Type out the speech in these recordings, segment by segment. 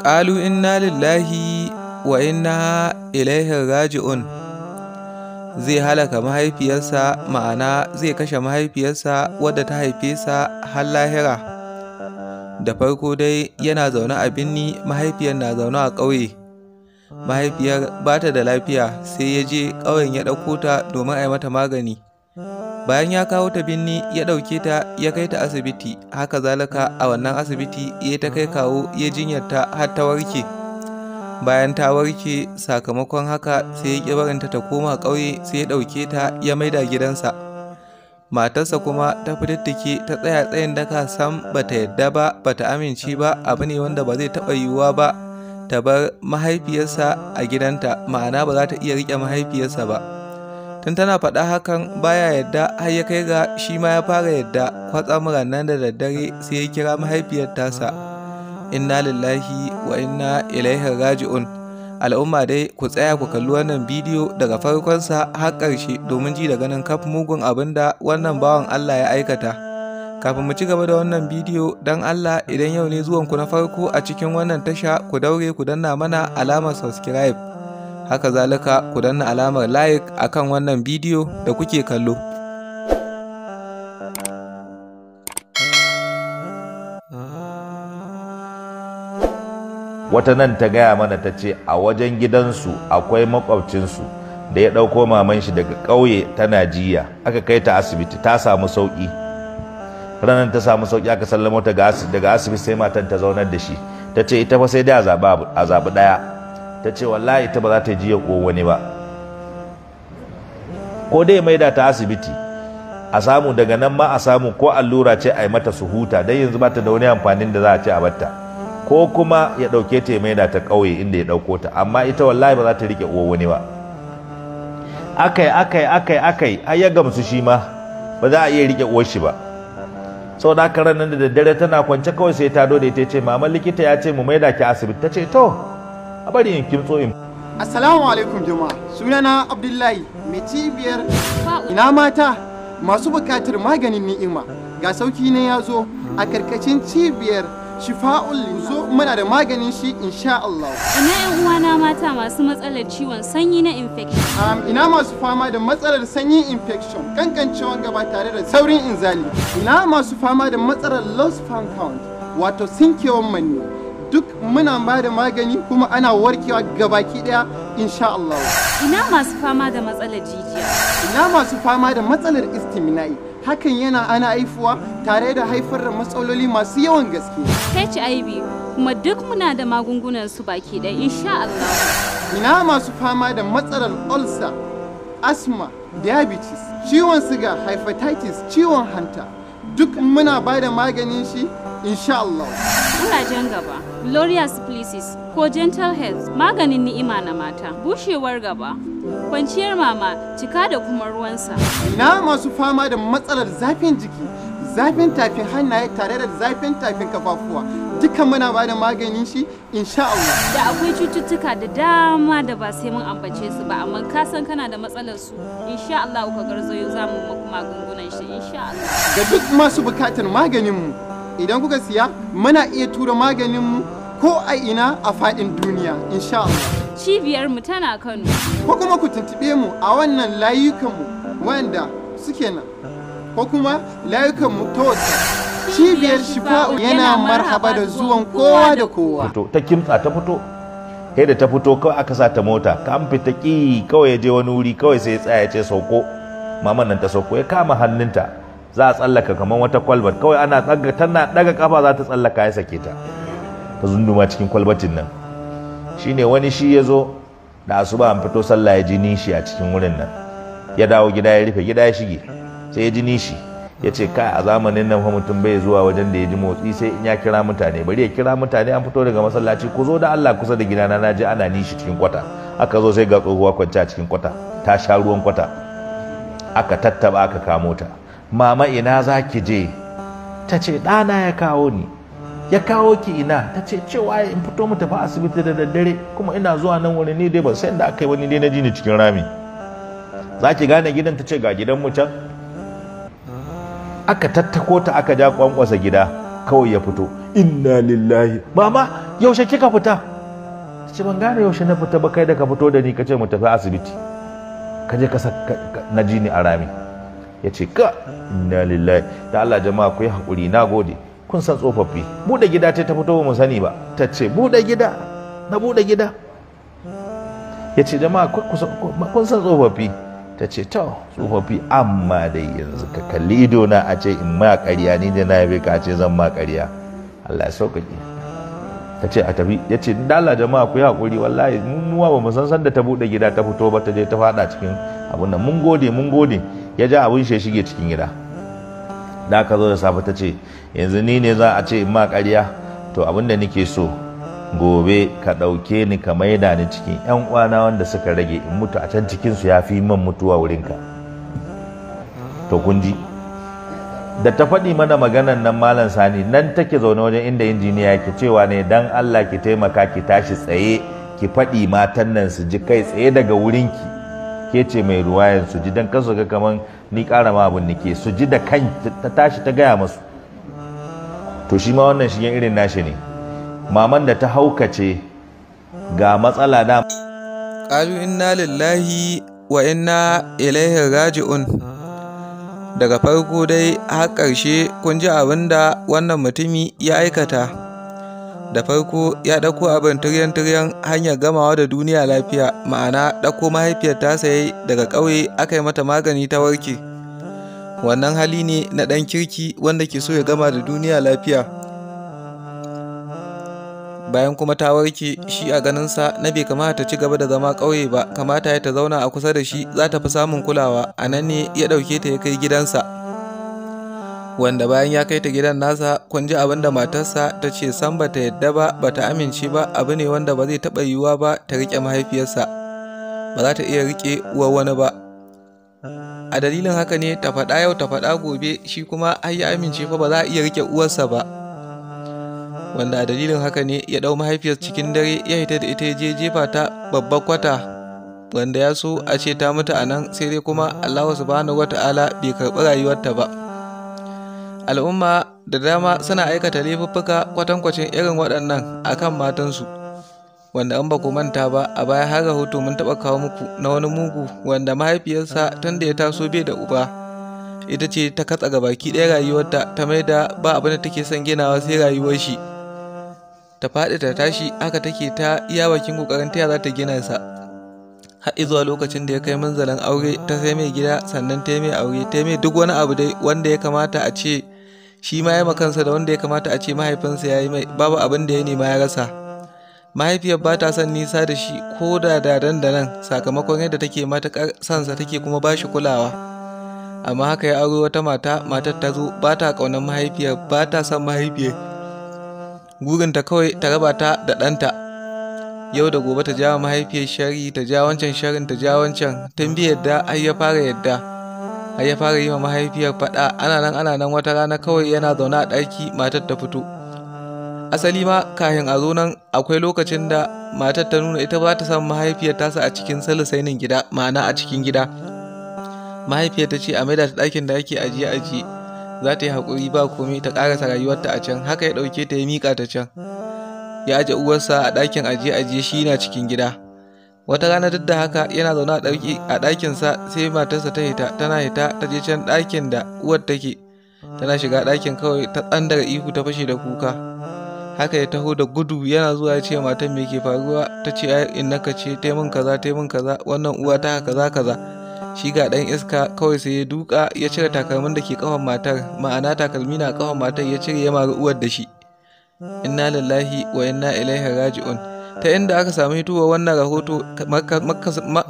ƙalu inna lillahi wa inna ilaihi raji'un zai halaka mahaifiyarsa ma'ana zai kashe mahaifiyarsa wadda ta haife sa har lahira da farko dai yana zaune a binni mahaifiyar na zaune a ƙauye mahaifiyar ba ta da lafiya sai ya je ƙauyen ya ɗauko ta domin a yi mata magani bayan ya kawo ta binni ya ɗauke ta ya kai ta asibiti haka zalaka a wannan asibiti ya ta kai kawo ya jinyarta har ta warke bayan ta warke sakamakon haka sai ya ƙi barinta ta koma ƙauye sai ya ɗauke ta ya maida gidansa matarsa kuma ta fitattake ta tsaya tsayin daka sam bata yadda ba bata amince ba abu ne wanda ba zai taɓa yiwuwa ba ta bar mahaifiyarsa a gidanta ma'ana ba za ta iya riƙe mahaifiyarsa ba tun tana faɗa hakan baya yadda har ya kai ga shi ma ya fara yadda kwatsa mura da daddare sai ya kira mahaifiyar tasa inna lillahi wa inna ilaihi raji'un al'umma dai ku tsaya ku kalli wannan bidiyo daga farkonsa har ƙarshe domin ji da ganin kaf mugun abin da wannan bawan Allah ya aikata kafin mu ci gaba da wannan bidiyo don Allah idan yau ne zuwanku na farko a cikin wannan tasha ku daure ku danna mana alamar subscribe haka zalika ku danna alamar like akan wannan bidiyo da kuke kallo wata nan ta gaya mana ta ce a wajen gidansu akwai makwabcinsu da ya ɗauko maman shi daga ƙauye ta najiya aka kai ta asibiti ta samu sauƙi ranar ta samu sauƙi aka sallamo ta daga asibiti sai matan ta zaunar da shi ta ce ita fa sai dai a zaɓi ɗaya ta ce wallahi ta ba za ta jiya ko wani ba ko dai maida ta asibiti a samu daga nan ma a samu ko allura ce a yi mata su huta dai yanzu ba ta da wani amfanin da za a ce a batta ko kuma ya ɗauke ta ya maida ta ƙauye inda ya ɗauko ta amma ita wallahi ba za ta riƙe uwa wani ba akai akai akai akai Ai ya gamsu shi ma ba za a iya riƙe uwar shi ba sau da aka nan da daddare tana kwance kawai sai ta dode ta ce mama likita ya ce mu maida ki asibiti ta ce to a bari in kimtso in assalamu alaikum jama'a sunana abdullahi mai cibiyar ina mata masu bukatar maganin ni'ima ga sauki ne ya zo a karkacin cibiyar shifa'ul zo muna da maganin shi insha Allah. Ina yan uwana mata masu matsalar ciwon sanyi na infection. ina masu fama da matsalar sanyi infection, kankancewan gaba tare da saurin inzali. Ina masu fama da matsalar lost sperm count, wato sinkewan maniyyi. duk muna ba da magani kuma ana warkewa gabaki daya insha Allah ina masu fama da matsalar jijiya ina masu fama da matsalar istiminai hakan yana ana haifuwa tare da haifar da matsaloli masu yawan gaske HIV kuma duk muna da magungunan su baki daya insha Allah ina masu fama da matsalar ulcer asma diabetes ciwon siga hepatitis ciwon hanta duk muna ba da maganin shi insha Allah. jan gaba. glorious places ko gentle health maganin ni'ima na mata bushewar gaba kwanciyar mama cika da kuma ruwansa ina masu fama da matsalar zafin jiki zafin tafin hannaye tare da zafin tafin kafafuwa dukkan muna ba da maganin shi insha Allah da akwai cututtuka da dama da ba sai mun ambace su ba amma ka san kana da matsalar su insha Allah ka garzayo zamu magungunan shi insha Allah ga duk masu bukatar maganin mu idan kuka siya muna iya tura maganinmu ko a ina a faɗin duniya insha Allah. Cibiyarmu tana Kano. Ko kuma ku tuntuɓe mu a wannan layukanmu wanda suke nan. Ko kuma layukanmu ta wata. Cibiyar Shifa'u yana marhaba da zuwan kowa da kowa. Ta kimtsa ta fito. Kai da ta fito kawai aka sa ta mota, ka an fita ki kawai ya je wani wuri kawai sai ya tsaya ya ce sauko. Maman nan ta sauko ya kama hannunta. za a tsallaka kamar wata kwalbat kawai ana tsaga tana daga kafa za ta tsallaka ya sake ta ta zunduma cikin kwalbatin nan shine wani shi ya zo da asuba an fito sallah ya ji nishi a cikin wurin nan ya dawo gida ya rufe gida ya shige sai ya ji nishi ya ce kai a zamanin nan fa mutum bai zuwa wajen da ya ji motsi sai in ya kira mutane bari ya kira mutane an fito daga masallaci ku zo da Allah kusa da gidana na ji ana nishi cikin kwata aka zo sai ga tsohuwa kwanci a cikin kwata ta sha ruwan kwata aka tattaba aka kamo ta mama ina za ki je ta ce ɗana ya kawo ni ya kawo ki ina ta ce cewa in fito mu tafi asibiti da daddare kuma ina zuwa nan wani ni dai ban san da aka yi wani dai na ji ni cikin rami za ki gane gidan ta ce ga gidan mu can aka tattako ta aka ja kwankwasa gida kawai ya fito inna lillahi mama yaushe kika fita Ta ce ban gane yaushe na fita ba kai da ka fito da ni ka ce mu tafi asibiti ka je ka na ji ni a rami ya ce ka inna lillahi da Allah jama'a ku yi hakuri na gode kun san tsofaffi buɗe gida ta ta fito mu sani ba ta ce buɗe gida na buɗe gida ya ce jama'a kun san tsofaffi ta ce ta tsofaffi amma dai yanzu ka kalli idona a ce in ma ƙarya ni da na yabe ka ce zan ma ƙarya Allah ya sauƙaƙe ta ce a tafi ya ce dala jama'a ku yi haƙuri wallahi mun muwa ba mu san san da ta buɗe gida ta fito ba ta je ta faɗa cikin abun nan mun gode mun gode ya ja abin shi ya shige cikin gida da aka zo da safe ta ce yanzu ni ne za a ce in ma ƙarya to abin da nake so gobe ka ɗauke ni ka maida ni cikin 'yan uwana wanda suka rage in mutu a can cikinsu ya fi man mutuwa wurinka to kun ji da ta faɗi mana maganan nan malam sani nan take zaune wajen inda injiniya ke cewa ne dan Allah ki taimaka ki tashi tsaye ki faɗi matan nan su ji kai tsaye daga wurinki ke ce mai ruwayan su ji don kansu ga kaman ni ƙara ma abin ke su ji da kan ta tashi ta gaya masu to shi ma wannan shigen irin nashi ne maman da ta haukace ga matsala da ƙalu inna lillahi wa inna ilaihi raji'un daga farko dai har ƙarshe kun ji abin da wannan mutumi ya aikata da farko ya ɗauko abin turyan-turyan hanyar gamawa da duniya lafiya ma'ana ɗauko mahaifiyar ta saye daga ƙauye aka yi mata magani ta warke wannan hali ne na ɗan kirki wanda ke so ya gama da duniya lafiya bayan kuma ta warke shi a ganinsa na bai kamata ta ci gaba da zama ƙauye ba kamata ya ta zauna a kusa da shi za ta fi samun kulawa a nan ne ya ɗauke ta ya kai gidansa wanda bayan ya kai ta gidan nasa kun ji abin da matarsa ta ce san ta yadda ba ba ta amince ba abu ne wanda ba zai taɓa yiwuwa ba ta riƙe mahaifiyarsa ba za ta iya riƙe uwar wani ba a dalilin haka ne ta faɗa yau ta faɗa gobe shi kuma har ya amince fa ba za a iya riƙe uwarsa ba wanda a dalilin haka ne ya ɗau mahaifiyar cikin dare ya fita da ita ya je jefa ta babbar kwata wanda ya so a ce ta mutu a nan sai dai kuma Allah subhanahu wata'ala bai karɓi rayuwarta ba al'umma da dama suna aikata laifuffuka kwatankwacin irin waɗannan a kan matansu wanda an ba ku manta ba a baya har rahoto mun taɓa kawo muku na wani mugu wanda mahaifiyarsa tun da ya taso bai da uba ita ce ta katsa baki ɗaya rayuwarta ta mai da ba abin da take son ginawa sai rayuwar shi ta faɗi ta tashi haka take ta iya bakin kokarin ta za ta gina sa har zuwa lokacin da ya kai manzalan aure ta sai mai gida sannan ta mai aure ta mai duk wani abu dai wanda ya kamata a ce shi ma ya makansa da wanda ya kamata a ce mahaifinsa ya yi mai babu abin da ya nema ya rasa mahaifiyar ba ta son nisa da shi ko da dadan da nan sakamakon yadda take matuƙar sansa take kuma ba shi kulawa amma haka ya aure wata mata matar ta zo ba ta ƙaunar mahaifiyar ba ta son mahaifiyar gurinta kawai ta raba ta da ɗanta yau da gobe ta jawo mahaifiyar shari ta ja wancan sharin ta ja wancan tun bi yadda har ya fara yadda har ya fara yi wa mahaifiyar faɗa ana nan ana nan wata rana kawai yana zaune a ɗaki matar ta fito asali ma kafin a zo nan akwai lokacin da matar ta nuna ita ba ta san mahaifiyar tasa a cikin salisainin gida ma'ana a cikin gida mahaifiyar ta ce a maida ta ɗakin da ake ajiye ajiye za ta yi haƙuri ba komai ta ƙarasa rayuwarta a can haka ya ɗauke ta ya miƙa ta can ya aje uwarsa a ɗakin ajiye ajiye shi na cikin gida wata rana duk da haka yana zaune a a ɗakinsa sai matarsa ta hita tana hita ta je can ɗakin da uwar take tana shiga ɗakin kawai ta tsandara ihu ta fashe da kuka haka ya taho da gudu yana zuwa ya ce matan me ke faruwa ta ce ai innaka ce tai mun kaza tai mun kaza wannan uwa ta kaza kaza shi ga dan iska kawai sai ya duka ya cire takalmin da ke kafan matar ma'ana takalmi na kafan matar ya cire ya mari uwar da shi inna lillahi wa inna ilaihi raji'un ta inda aka sami hituwa wannan rahoto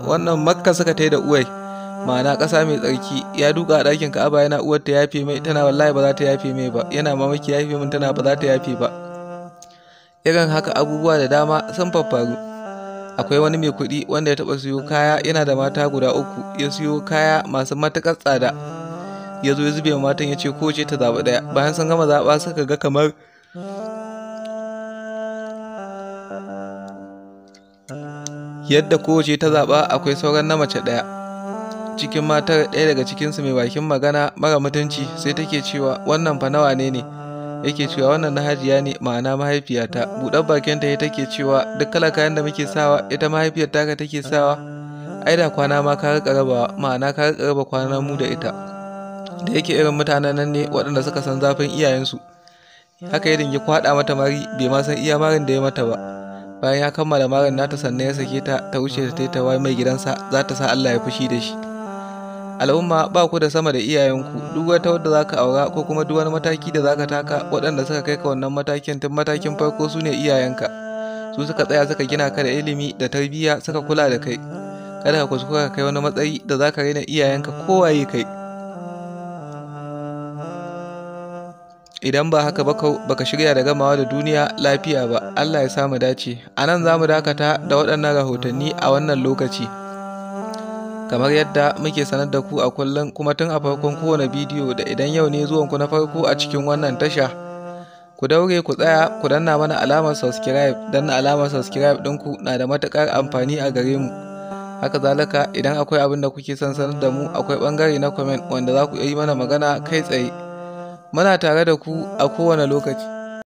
wannan makka suka ta da uwai ma'ana ƙasa mai tsarki ya duka a ɗakin ka'aba yana uwar ta yafe mai tana wallahi ba za ta yafe mai ba yana mamaki yafe mun tana ba za ta yafe ba irin haka abubuwa da dama sun faffaru akwai wani mai kuɗi wanda ya taɓa siyo kaya yana da mata guda uku ya siyo kaya masu matuƙar tsada ya zo ya zube matan ya ce ko ce ta zaɓi ɗaya bayan sun gama zaɓa suka ga kamar yadda kowace ta zaɓa akwai sauran na mace ɗaya cikin matar ɗaya daga cikinsu mai bakin magana mara mutunci sai take cewa wannan fa nawa ne ne yake cewa wannan na hajiya ne ma'ana mahaifiyata buɗar bakinta ta take cewa duk kala kayan da muke sawa ita mahaifiyar ta take sawa ai da kwana ma ka riƙa raba ma'ana ka riƙa raba kwana mu da ita da yake irin mutanen nan ne waɗanda suka san zafin iyayensu haka ya dingi kwaɗa mata mari bai ma san iya marin da ya mata ba bayan ya kammala maganin nata sannan ya sake ta ta wuce ta ta wai mai gidansa za ta sa Allah ya fushi da shi al'umma ba ku da sama da iyayenku duk wata wadda za ka aura ko kuma duk wani mataki da za ka taka waɗanda suka kai ka wannan matakin tun matakin farko su ne iyayenka su suka tsaya suka gina ka da ilimi da tarbiyya suka kula da kai kada ka kuskura kai wani matsayi da za ka raina iyayenka kowaye kai idan ba haka ba ka shirya da gamawa da duniya lafiya ba allah ya samu dace a nan za mu dakata da waɗannan rahotanni a wannan lokaci kamar yadda muke sanar da ku a kullum kuma tun a farkon kowane bidiyo da idan yau ne zuwanku na farko a cikin wannan tasha ku daure ku tsaya ku danna mana alamar subscribe danna alamar subscribe ɗinku na da matuƙar amfani a gare mu haka zalika idan akwai abin da kuke son sanar da mu akwai bangare na comment wanda za ku yi mana magana kai tsaye Muna tare da ku a kowane lokaci.